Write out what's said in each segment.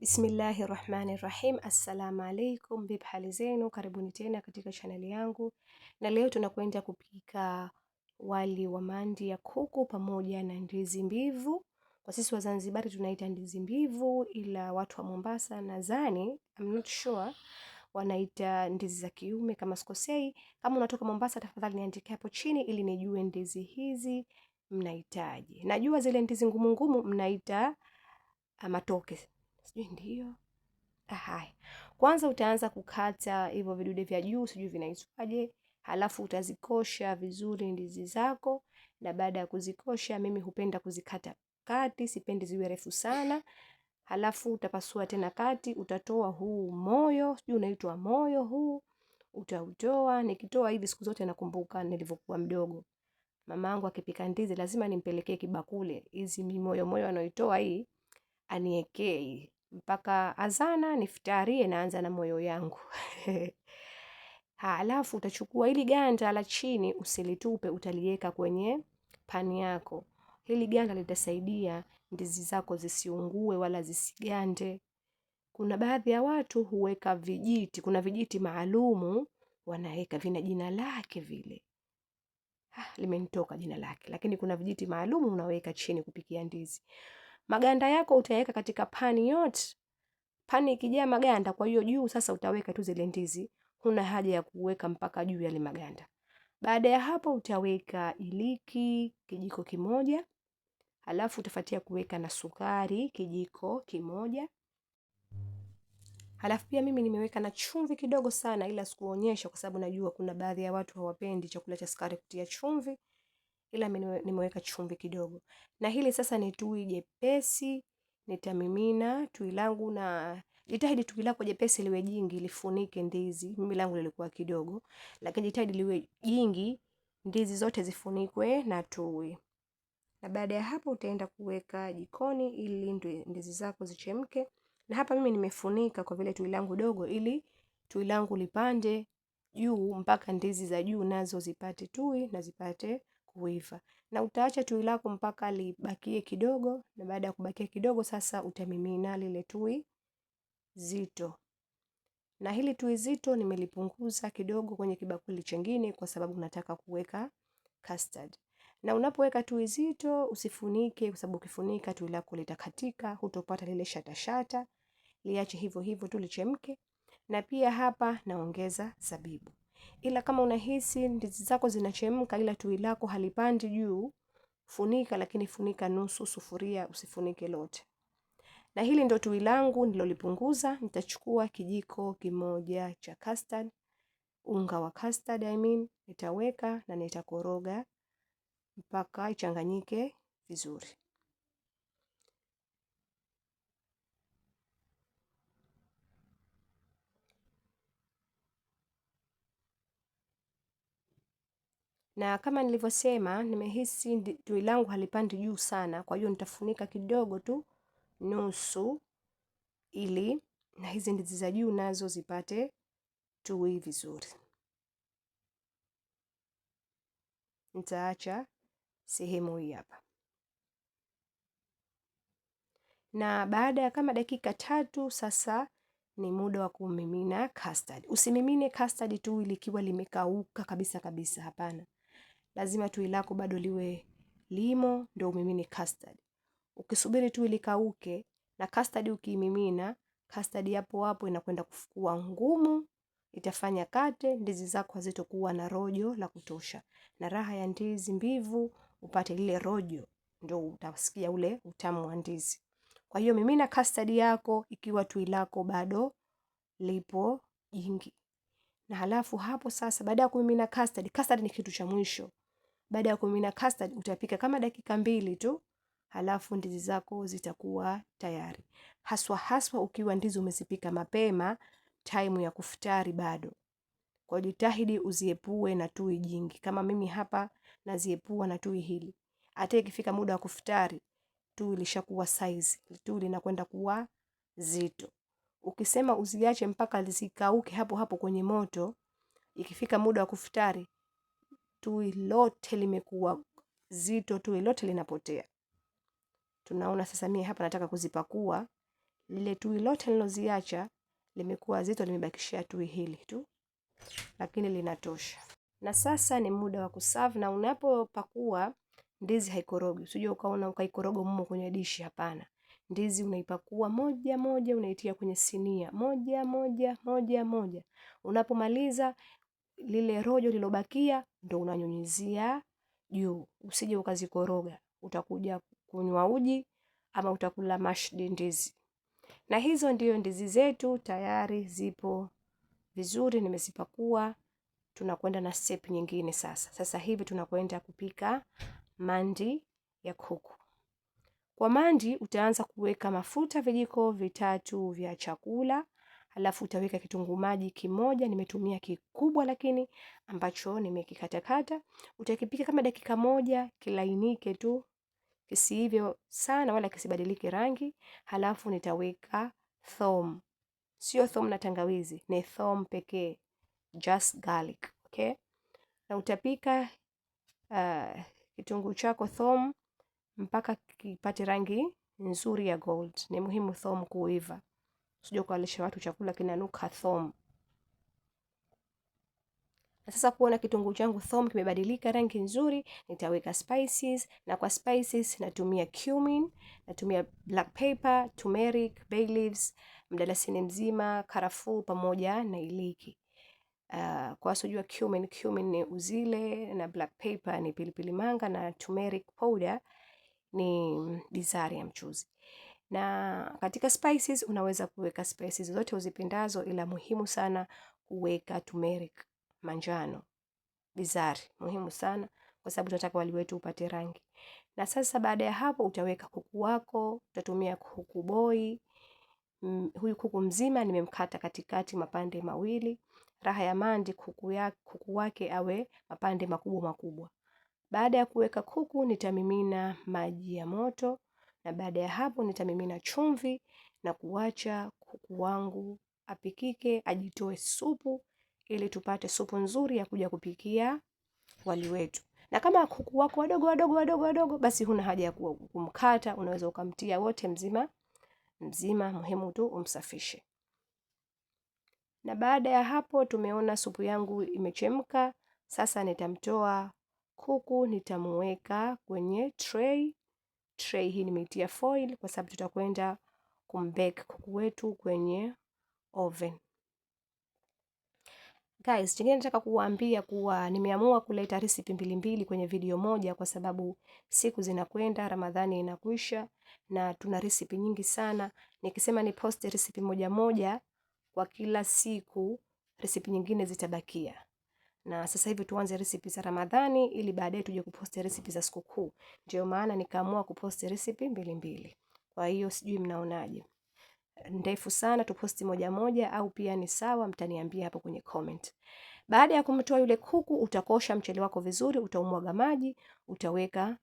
Bismillahi rahmani rahim. Assalamu alaikum, vipi hali zenu? Karibuni tena katika chaneli yangu, na leo tunakwenda kupika wali wa mandi ya kuku pamoja na ndizi mbivu. Kwa sisi Wazanzibari tunaita ndizi mbivu, ila watu wa Mombasa nadhani, I'm not sure, wanaita ndizi za kiume kama sikosei. Kama unatoka Mombasa, tafadhali niandike hapo chini ili nijue ndizi hizi mnahitaji. Najua zile ndizi ngumu ngumu mnaita ah, matoke sijui ndio Haya, Kwanza utaanza kukata hivyo vidude vya juu, sijui vinaitwaje, halafu utazikosha vizuri ndizi zako, na baada ya kuzikosha, mimi hupenda kuzikata kati, sipendi ziwe refu sana. Halafu utapasua tena kati, utatoa huu moyo, sijui unaitwa moyo huu, utautoa. Nikitoa hivi siku zote nakumbuka nilivyokuwa mdogo, mama yangu akipika ndizi lazima nimpelekee kibakule, hizi mimoyo moyo anaoitoa hii aniekee mpaka azana niftarie, naanza na moyo yangu ha, alafu utachukua hili ganda la chini, usilitupe, utaliweka kwenye pani yako. Hili ganda litasaidia ndizi zako zisiungue wala zisigande. Kuna baadhi ya watu huweka vijiti, kuna vijiti maalumu wanaweka, vina jina lake vile limenitoka jina lake, lakini kuna vijiti maalumu unaweka chini kupikia ndizi. Maganda yako utaweka katika pani yote, pani ikijaa maganda. Kwa hiyo juu sasa utaweka tu zile ndizi, huna haja ya kuweka mpaka juu yale maganda. Baada ya hapo utaweka iliki kijiko kimoja, halafu utafuatia kuweka na sukari kijiko kimoja. Halafu pia mimi nimeweka na chumvi kidogo sana, ila sikuonyesha kwa sababu najua kuna baadhi ya watu hawapendi chakula cha sukari kutia chumvi ila nimeweka chumvi kidogo. Na hili sasa ni tui jepesi, nitamimina tui langu na jitahidi tui lako jepesi liwe jingi lifunike ndizi. Mimi langu lilikuwa kidogo, lakini jitahidi liwe jingi, ndizi zote zifunikwe na tui. Na baada ya hapo utaenda kuweka jikoni ili ndizi zako zichemke. Na hapa mimi nimefunika kwa vile tui langu dogo ili tui langu lipande juu mpaka ndizi za juu nazo zipate tui na zipate kuiva na utaacha tui lako mpaka libakie kidogo, na baada ya kubakia kidogo, sasa utamimina lile tui zito. Na hili tui zito nimelipunguza kidogo kwenye kibakuli chengine, kwa sababu nataka kuweka custard. Na unapoweka tui zito usifunike, kwa sababu ukifunika tui lako litakatika, hutopata lile shatashata. Liache hivyo hivyo tu lichemke, na pia hapa naongeza zabibu. Ila kama unahisi ndizi zako zinachemka ila tui lako halipandi juu, funika lakini funika nusu sufuria, usifunike lote. Na hili ndo tui langu nilolipunguza. Nitachukua kijiko kimoja cha custard, unga wa custard I mean, nitaweka na nitakoroga mpaka ichanganyike vizuri. Na kama nilivyosema, nimehisi tui langu halipandi juu sana, kwa hiyo nitafunika kidogo tu nusu, ili na hizi ndizi za juu nazo zipate tui vizuri. Nitaacha sehemu hii hapa, na baada ya kama dakika tatu sasa ni muda wa kumimina custard. Usimimine custard tui likiwa limekauka kabisa kabisa, hapana lazima tui lako bado liwe limo, ndio umimini custard. Ukisubiri tui likauke na custard ukiimimina, custard hapo hapo inakwenda kufukua ngumu, itafanya kate, ndizi zako hazitokuwa na rojo la kutosha, na raha ya ndizi mbivu upate lile rojo, ndio utasikia ule utamu wa ndizi. Kwa hiyo mimina custard yako ikiwa tui lako bado lipo jingi, na halafu hapo sasa, baada ya kumimina custard, custard ni kitu cha mwisho. Baada ya kumimina custard utapika kama dakika mbili tu, halafu ndizi zako zitakuwa tayari. Haswa haswa ukiwa ndizi umezipika mapema, time ya kufutari bado. Kwa jitahidi uziepue na tui jingi. Kama mimi hapa naziepua na tui hili. Hata ikifika muda wa kufutari, tui lishakuwa size, tui linakwenda kuwa zito. Ukisema uziache mpaka zikauke hapo hapo kwenye moto, ikifika muda wa kufutari tui lote limekuwa zito, tui lote linapotea. Tunaona sasa, mimi hapa nataka kuzipakua, lile tui lote niloziacha limekuwa zito, limebakishia tui hili tu, lakini linatosha. Na sasa ni muda wa kuserve, na unapopakua ndizi haikorogi. Usije ukaona ukaikorogo mmo kwenye dishi, hapana. Ndizi unaipakua moja moja, unaitia kwenye sinia moja moja moja moja. Unapomaliza lile rojo lilobakia ndo unanyunyizia juu, usije ukazikoroga, utakuja kunywa uji ama utakula mashdi ndizi. Na hizo ndiyo ndizi zetu tayari zipo vizuri, nimezipakua. Tunakwenda na step nyingine sasa. Sasa hivi tunakwenda kupika mandi ya kuku. Kwa mandi utaanza kuweka mafuta vijiko vitatu vya chakula Alafu utaweka kitunguu maji kimoja, nimetumia kikubwa lakini ambacho nimekikatakata. Utakipika kama dakika moja kilainike tu, kisiivyo sana wala kisibadilike rangi. Halafu nitaweka thom, sio thom na tangawizi, ni thom pekee, just garlic, okay? Na utapika uh, kitunguu chako thom mpaka kipate rangi nzuri ya gold. Ni muhimu thom kuiva usije ukawalisha watu chakula kinanuka thom. Na sasa kuona kitunguu changu thom kimebadilika rangi nzuri, nitaweka spices, na kwa spices natumia cumin, natumia black pepper, turmeric, bay leaves, mdalasini mzima, karafuu pamoja na iliki. Uh, kwa wasojua cumin, cumin ni uzile na black pepper ni pilipili manga na turmeric powder ni mm, bizari ya mchuzi. Na katika spices unaweza kuweka spices zote uzipendazo, ila muhimu sana kuweka turmeric manjano, bizari, muhimu sana kwa sababu tunataka wali wetu upate rangi. Na sasa baada ya hapo utaweka kuku wako, utatumia kuku boi. Mm, huyu kuku mzima nimemkata katikati mapande mawili. Raha ya mandi kuku, ya, kuku wake awe mapande makubwa makubwa. Baada ya kuweka kuku nitamimina maji ya moto na baada ya hapo nitamimina chumvi na kuacha kuku wangu apikike, ajitoe supu ili tupate supu nzuri ya kuja kupikia wali wetu. Na kama kuku wako wadogo wadogo wadogo wadogo, basi huna haja ya kumkata, unaweza ukamtia wote mzima mzima, muhimu tu umsafishe. Na baada ya hapo, tumeona supu yangu imechemka. Sasa nitamtoa kuku, nitamuweka kwenye tray tray hii nimeitia foil kwa sababu tutakwenda kumbake kuku wetu kwenye oven. Guys, chingine nataka kuwaambia kuwa nimeamua kuleta recipe mbili mbili kwenye video moja, kwa sababu siku zinakwenda, Ramadhani inakwisha na tuna recipe nyingi sana. Nikisema ni post recipe moja moja kwa kila siku, recipe nyingine zitabakia na sasa hivi tuanze recipe za Ramadhani ili baadaye tuje kuposti recipe za sikukuu. Ndio maana nikaamua kuposti recipe mbili mbili. Kwa hiyo sijui mnaonaje, ndefu sana tuposti moja moja au pia ni sawa? Mtaniambia hapo kwenye comment. Baada ya kumtoa yule kuku, utakosha mchele wako vizuri, utaumwaga maji, utaweka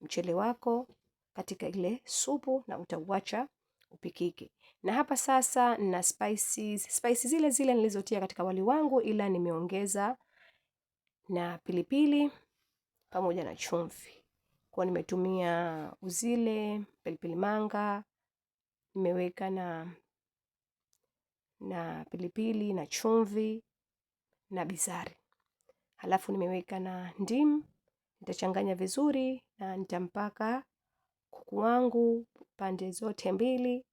mchele wako katika ile supu na utauacha upikike. Na hapa sasa na spices, spices zile zile nilizotia katika wali wangu, ila nimeongeza na pilipili pamoja na chumvi. Kwa nimetumia uzile, pilipili manga, nimeweka na na pilipili na chumvi na bizari. Halafu nimeweka na ndimu, nitachanganya vizuri na nitampaka kuku wangu pande zote mbili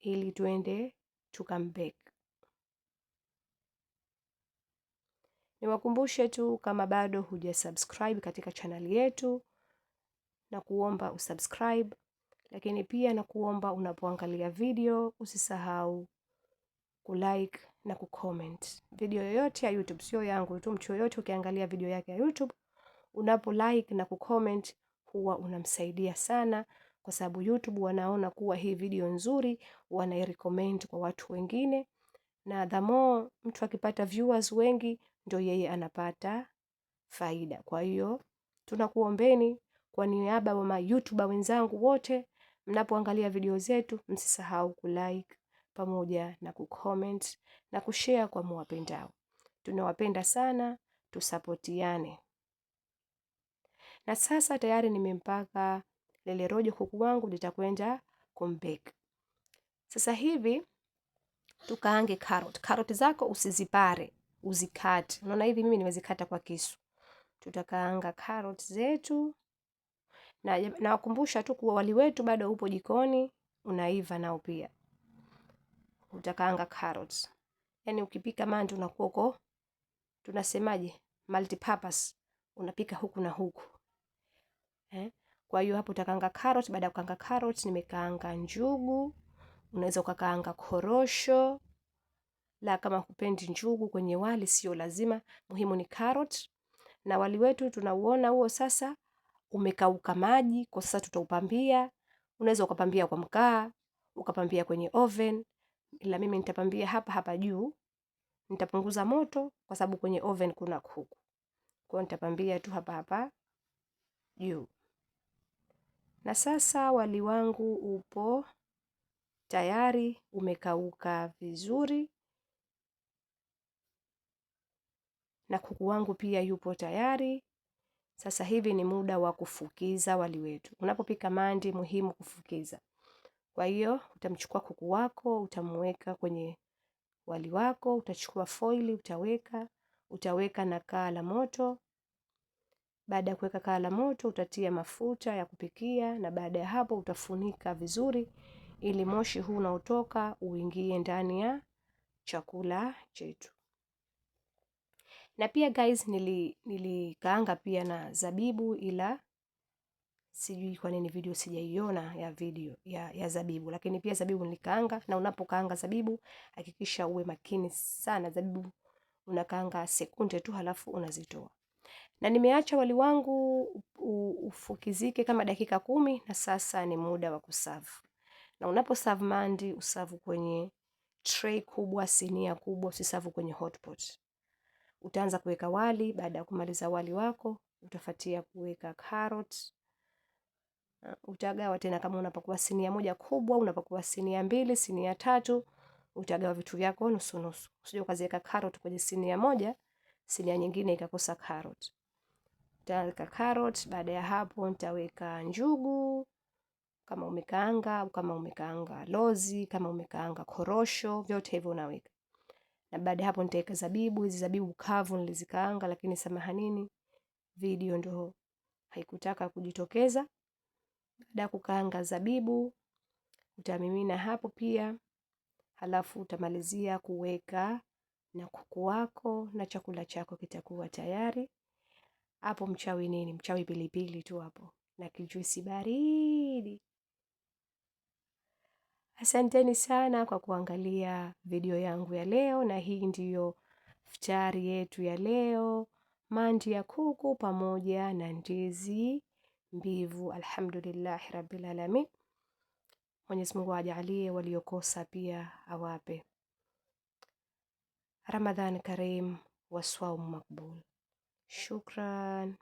ili tuende tukambek Niwakumbushe tu kama bado hujasubscribe katika channel yetu na kuomba usubscribe, lakini pia na kuomba unapoangalia video usisahau kulike na kucomment video yoyote ya YouTube, sio yangu tu. Mtu yoyote ukiangalia video yake ya YouTube, unapo like na kucomment, huwa unamsaidia sana, kwa sababu YouTube wanaona kuwa hii video nzuri, wanairecommend kwa watu wengine, na the more mtu akipata viewers wengi ndio yeye anapata faida. Kwa hiyo tunakuombeni kwa niaba wa ma YouTuber wenzangu wote, mnapoangalia video zetu msisahau kulike pamoja na kucomment na kushare kwa mwapendao. Tunawapenda sana, tusapotiane. Na sasa tayari nimempaka lele rojo kuku wangu, nitakwenda kumbek Sasa hivi tukaange carrot. Carrot zako usizipare, uzikate. Unaona hivi mimi nimezikata kwa kisu. Tutakaanga carrot zetu na nawakumbusha tu kuwa wali wetu bado upo jikoni unaiva nao pia. Utakaanga carrots. Yaani ukipika mandi unakuwa uko tunasemaje? Multipurpose. Unapika huku na huku. Eh? Kwa hiyo hapo utakaanga carrot, baada ya kukaanga carrot nimekaanga njugu, unaweza ukakaanga korosho la kama hupendi njugu kwenye wali, sio lazima, muhimu ni carrot. Na wali wetu tunauona huo sasa umekauka maji, kwa sasa tutaupambia. Unaweza ukapambia kwa mkaa, ukapambia kwenye oven, ila mimi nitapambia hapa hapa juu. Nitapunguza moto kwa sababu kwenye oven kuna kuku, kwa hiyo nitapambia tu hapa hapa juu. Na sasa wali wangu upo tayari, umekauka vizuri. na kuku wangu pia yupo tayari. Sasa hivi ni muda wa kufukiza wali wetu. Unapopika mandi, muhimu kufukiza. Kwa hiyo utamchukua kuku wako, utamweka kwenye wali wako, utachukua foili utaweka, utaweka na kaa la moto. Baada ya kuweka kaa la moto, utatia mafuta ya kupikia, na baada ya hapo utafunika vizuri ili moshi huu unaotoka uingie ndani ya chakula chetu. Na pia guys nili nilikaanga pia na zabibu ila sijui kwa nini video sijaiona ya video ya, ya zabibu, lakini pia zabibu nilikaanga. Na unapokaanga zabibu hakikisha uwe makini sana, zabibu unakaanga sekunde tu halafu unazitoa. Na nimeacha wali wangu ufukizike kama dakika kumi, na sasa ni muda wa kusavu. Na unaposavu mandi usavu kwenye tray kubwa, sinia kubwa, usisavu kwenye hotpot. Utaanza kuweka wali. Baada ya kumaliza wali wako, utafuatia kuweka carrot. Uh, utagawa tena, kama unapakua sinia moja kubwa, unapakua sinia mbili, sinia tatu, utagawa vitu vyako nusu nusu. Usije ukaziweka carrot kwenye sinia moja, sinia nyingine ikakosa carrot. Utaweka carrot. Baada ya hapo, nitaweka njugu kama umekaanga kama umekaanga lozi, kama umekaanga korosho, vyote hivyo unaweka na baada ya hapo nitaweka zabibu. Hizi zabibu kavu nilizikaanga, lakini samahanini, video ndo haikutaka kujitokeza. Baada ya kukaanga zabibu utamimina hapo pia, halafu utamalizia kuweka na kuku wako na chakula chako kitakuwa tayari. Hapo mchawi nini? Mchawi pilipili tu hapo na kijuisi baridi. Asanteni sana kwa kuangalia video yangu ya leo, na hii ndiyo futari yetu ya leo, mandi ya kuku pamoja na ndizi mbivu. Alhamdulillahi rabbil alamin. Mwenyezi Mungu ajalie waliokosa pia awape. Ramadhan karim, waswaum makbul. Shukran.